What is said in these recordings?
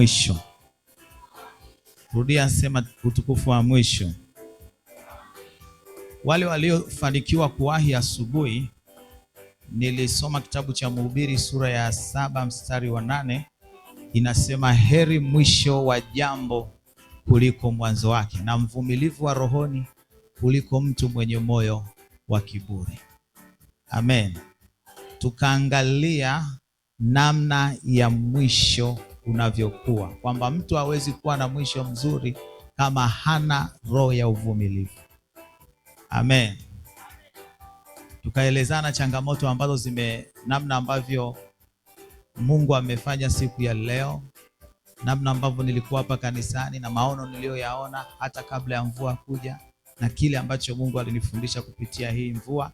Mwisho rudia, sema utukufu wa mwisho. Wale waliofanikiwa kuwahi asubuhi, nilisoma kitabu cha Mhubiri sura ya saba mstari wa nane inasema, heri mwisho wa jambo kuliko mwanzo wake, na mvumilivu wa rohoni kuliko mtu mwenye moyo wa kiburi. Amen. Tukaangalia namna ya mwisho unavyokuwa, kwamba mtu hawezi kuwa na mwisho mzuri kama hana roho ya uvumilivu. Amen. Tukaelezana changamoto ambazo zime, namna ambavyo Mungu amefanya siku ya leo, namna ambavyo nilikuwa hapa kanisani na maono niliyoyaona hata kabla ya mvua kuja na kile ambacho Mungu alinifundisha kupitia hii mvua.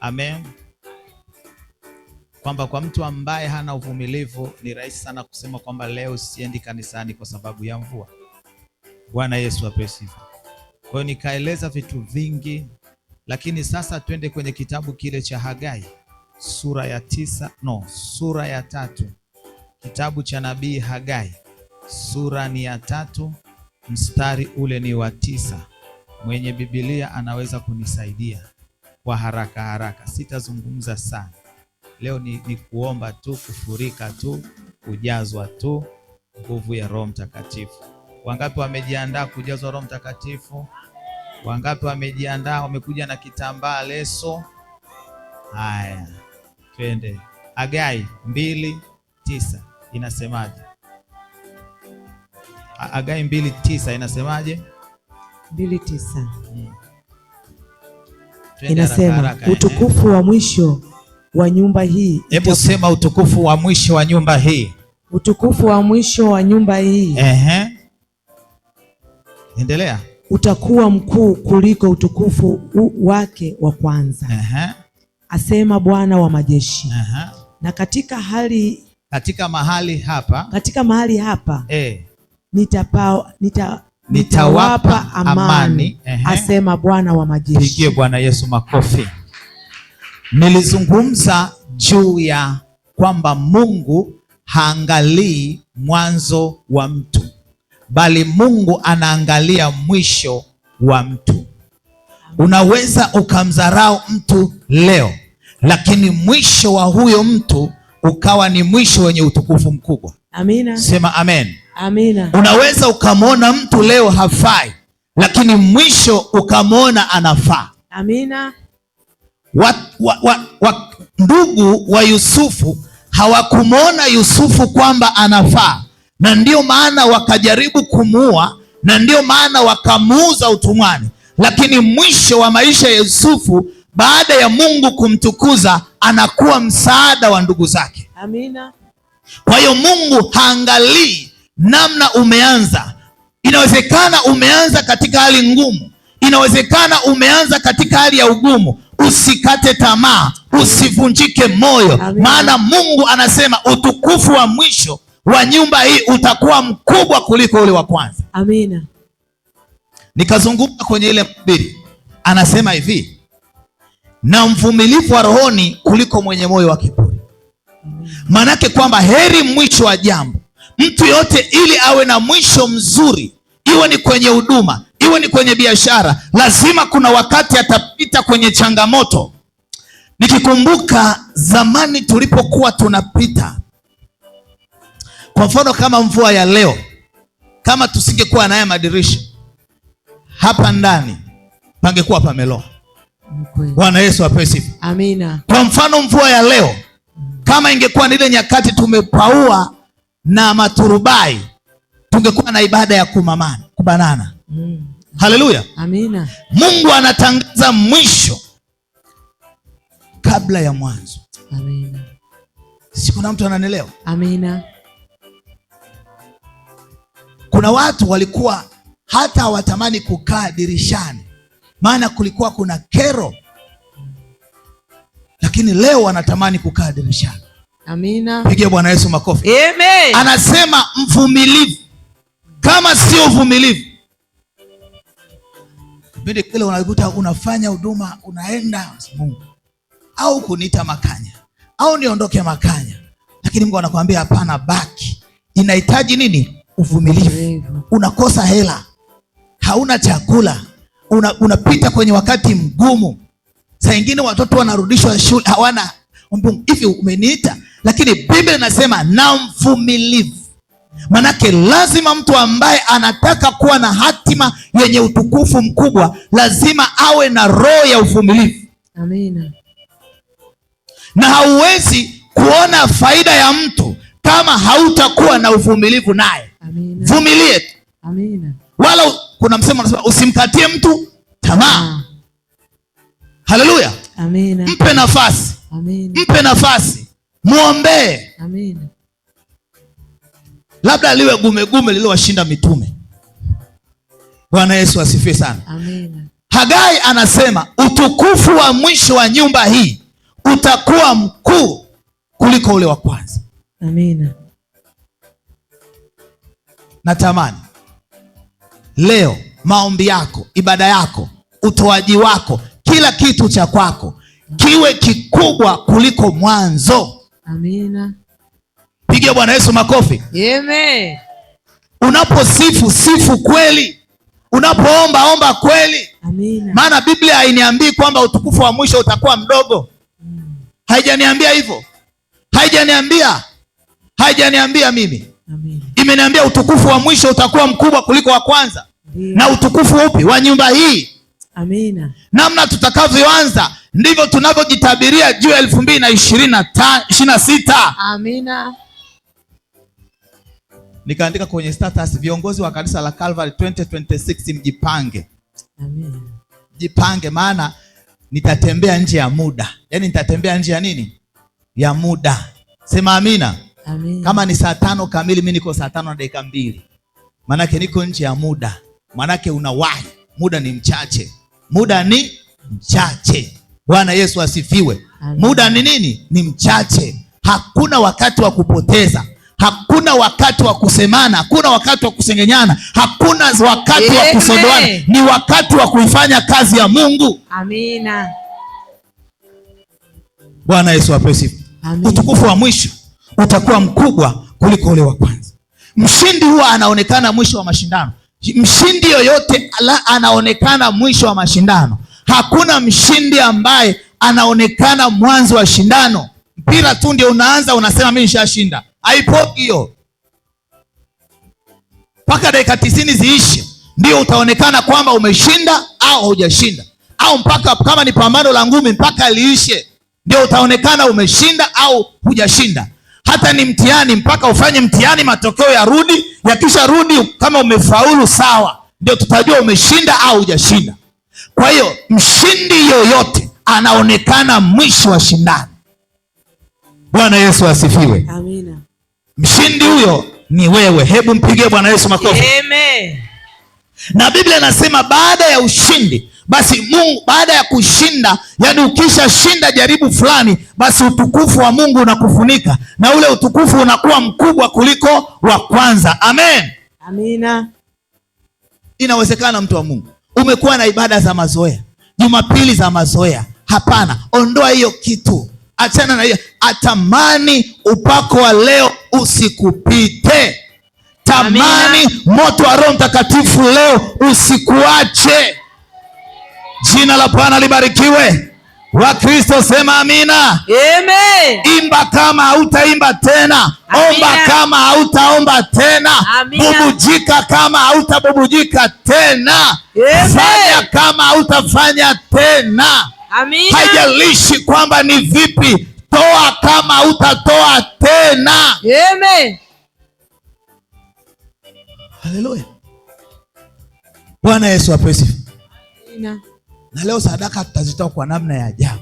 Amen kwamba kwa mtu ambaye hana uvumilivu ni rahisi sana kusema kwamba leo siendi kanisani kwa sababu ya mvua. Bwana Yesu apewe sifa. Kwa hiyo nikaeleza vitu vingi, lakini sasa twende kwenye kitabu kile cha Hagai sura ya tisa, no, sura ya tatu. Kitabu cha nabii Hagai sura ni ya tatu, mstari ule ni wa tisa. Mwenye Biblia anaweza kunisaidia kwa haraka haraka, sitazungumza sana. Leo ni, ni kuomba tu, kufurika tu, kujazwa tu nguvu ya Roho Mtakatifu. Wangapi wamejiandaa kujazwa Roho Mtakatifu? Wangapi wamejiandaa, wamekuja na kitambaa leso? Haya, twende. Agai mbili tisa inasemaje? Agai mbili tisa inasemaje? mbili tisa hmm. Inasema haraka, eh. utukufu eh, wa mwisho wa nyumba hii. Hebu sema utukufu wa mwisho wa nyumba hii. Utukufu wa mwisho wa nyumba hii. Ehe. Endelea. Utakuwa mkuu kuliko utukufu wake wa kwanza. Ehe. Asema Bwana wa majeshi. Ehe. Na katika hali katika mahali hapa, katika mahali hapa e, nitapa, nita, nitawapa amani, amani. Asema Bwana wa majeshi. Pigie Bwana Yesu makofi. Nilizungumza juu ya kwamba Mungu haangalii mwanzo wa mtu, bali Mungu anaangalia mwisho wa mtu. Unaweza ukamdharau mtu leo, lakini mwisho wa huyo mtu ukawa ni mwisho wenye utukufu mkubwa. Amina. Sema amen. Amina. Unaweza ukamwona mtu leo hafai, lakini mwisho ukamwona anafaa. Amina wa, wa, wa, wa, ndugu wa Yusufu hawakumwona Yusufu kwamba anafaa, na ndiyo maana wakajaribu kumuua, na ndiyo maana wakamuuza utumwani. Lakini mwisho wa maisha ya Yusufu, baada ya Mungu kumtukuza, anakuwa msaada wa ndugu zake. Amina. Kwa hiyo Mungu haangalii namna umeanza. Inawezekana umeanza katika hali ngumu, inawezekana umeanza katika hali ya ugumu, Usikate tamaa, usivunjike moyo, maana Mungu anasema utukufu wa mwisho wa nyumba hii utakuwa mkubwa kuliko ule wa kwanza. Amina. Nikazungumza kwenye ile mbili, anasema hivi, na mvumilivu wa rohoni kuliko mwenye moyo wa kiburi. Maanake kwamba heri mwisho wa jambo. Mtu yote ili awe na mwisho mzuri, iwe ni kwenye huduma, iwe ni kwenye biashara, lazima kuna wakati atapita kwenye changamoto. Nikikumbuka zamani tulipokuwa tunapita, kwa mfano kama mvua ya leo, kama tusingekuwa na madirisha hapa ndani, pangekuwa pameloa. Bwana Yesu apesifu, amina. Kwa mfano mvua ya leo kama ingekuwa ni ile nyakati tumepaua na maturubai, tungekuwa na ibada ya kumamani kubanana mm. Haleluya, amina. Mungu anatangaza mwisho kabla ya mwanzo. Amina. Si kuna mtu ananielewa? Amina. Kuna watu walikuwa hata hawatamani kukaa dirishani, maana kulikuwa kuna kero, lakini leo wanatamani kukaa dirishani. Amina. Pigia Bwana Yesu makofi. Amen. Anasema mvumilivu, kama sio uvumilivu Kipindi kile unakuta unafanya huduma unaenda Mungu, au kuniita Makanya au niondoke Makanya, lakini Mungu anakuambia hapana, baki. Inahitaji nini? Uvumilivu. Unakosa hela, hauna chakula, una, unapita kwenye wakati mgumu. Saa ingine watoto wanarudishwa shule hawana. Hivi umeniita, lakini Biblia inasema na mvumilivu Manake lazima mtu ambaye anataka kuwa na hatima yenye utukufu mkubwa lazima awe na roho ya uvumilivu. Amina. Na hauwezi kuona faida ya mtu kama hautakuwa na uvumilivu naye. Vumilie tu. Amina. Wala kuna msemo unasema usimkatie mtu tamaa. Ah. Haleluya. Amina. Mpe nafasi. Amina. Mpe nafasi, mwombee. Amina labda liwe gumegume lililowashinda mitume. Bwana Yesu asifiwe sana, amen. Hagai anasema utukufu wa mwisho wa nyumba hii utakuwa mkuu kuliko ule wa kwanza. Natamani leo maombi yako, ibada yako, utoaji wako, kila kitu cha kwako kiwe kikubwa kuliko mwanzo. Amina. Mpigie Bwana Yesu makofi. Amen. Unaposifu sifu kweli, unapoomba omba kweli. Maana Biblia hainiambii kwamba utukufu wa mwisho utakuwa mdogo. Haijaniambia hivyo, haijaniambia, haijaniambia mimi. Imeniambia utukufu wa mwisho utakuwa mkubwa kuliko wa kwanza. Amina. Na utukufu upi? Wa nyumba hii. Amina. Namna tutakavyoanza ndivyo tunavyojitabiria juu ya elfu mbili na ishirini na sita. Amina nikaandika kwenye status, viongozi wa kanisa la Calvary 2026 mjipange. Amen. Mjipange maana nitatembea nje ya muda, yaani nitatembea nje ya nini? Ya muda. Sema amina. Amen. Kama ni saa tano kamili, mimi niko saa tano na dakika mbili, maanake niko nje ya muda, maanake unawahi. Muda ni mchache, muda ni mchache. Bwana Yesu asifiwe. Amen. Muda ni nini? Ni mchache, hakuna wakati wa kupoteza. Hakuna wakati wa kusemana, hakuna wakati wa kusengenyana, hakuna wakati wa kusodoana, ni wakati wa kuifanya kazi ya Mungu. Amina. Bwana Yesu apewe utukufu. Wa mwisho utakuwa mkubwa kuliko ule wa kwanza. Mshindi huwa anaonekana mwisho wa mashindano. Mshindi yoyote ala anaonekana mwisho wa mashindano. Hakuna mshindi ambaye anaonekana mwanzo wa shindano. Mpira tu ndio unaanza, unasema mimi nishashinda haipoki hiyo, mpaka dakika tisini ziishe, ndio utaonekana kwamba umeshinda au haujashinda, au mpaka kama ni pambano la ngumi mpaka liishe, ndio utaonekana umeshinda au hujashinda. Hata ni mtihani, mpaka ufanye mtihani, matokeo ya rudi yakisha rudi, kama umefaulu sawa, ndio tutajua umeshinda au hujashinda. Kwa hiyo mshindi yoyote anaonekana mwisho wa shindano. Bwana Yesu asifiwe, amina. Mshindi huyo ni wewe. Hebu mpigie Bwana Yesu makofi. Amen. Na Biblia inasema baada ya ushindi basi Mungu, baada ya kushinda, yani ukishashinda jaribu fulani, basi utukufu wa Mungu unakufunika na ule utukufu unakuwa mkubwa kuliko wa kwanza. Amen. Amina. Inawezekana mtu wa Mungu umekuwa na ibada za mazoea, Jumapili za mazoea. Hapana, ondoa hiyo kitu achana na hiyo. Atamani upako wa leo usikupite. Tamani moto wa Roho Mtakatifu leo usikuache. Jina la Bwana libarikiwe. Wakristo sema amina. Amen. Imba kama hautaimba tena, omba kama hautaomba tena, bubujika kama hautabubujika tena, fanya kama hautafanya tena. Amina. Haijalishi kwamba ni vipi, toa kama utatoa tena. Amen. Haleluya. Bwana Yesu apewe Amina. Na leo sadaka tutazitoa kwa namna ya ajabu,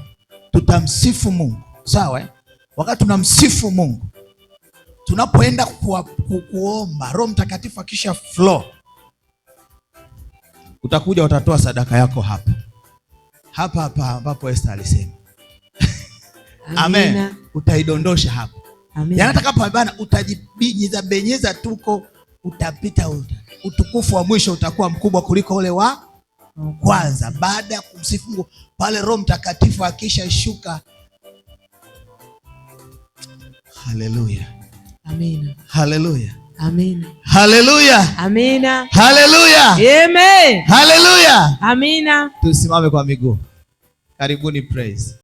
tutamsifu Mungu sawa eh? Wakati tunamsifu Mungu tunapoenda kuwa, ku, kuomba Roho Mtakatifu akisha flow, utakuja utatoa sadaka yako hapa hapa hapa ambapo Esther alisema Amen. Utaidondosha hapo, yanataka pabana, utajibinyeza benyeza tuko, utapita uta. Utukufu wa mwisho utakuwa mkubwa kuliko ule wa kwanza. Baada ya kumsifu Mungu pale, Roho Mtakatifu akisha shuka. Haleluya, amina, haleluya. Haleluya. Amina. Haleluya. Amen. Haleluya. Amina. Tusimame kwa miguu. Karibuni praise.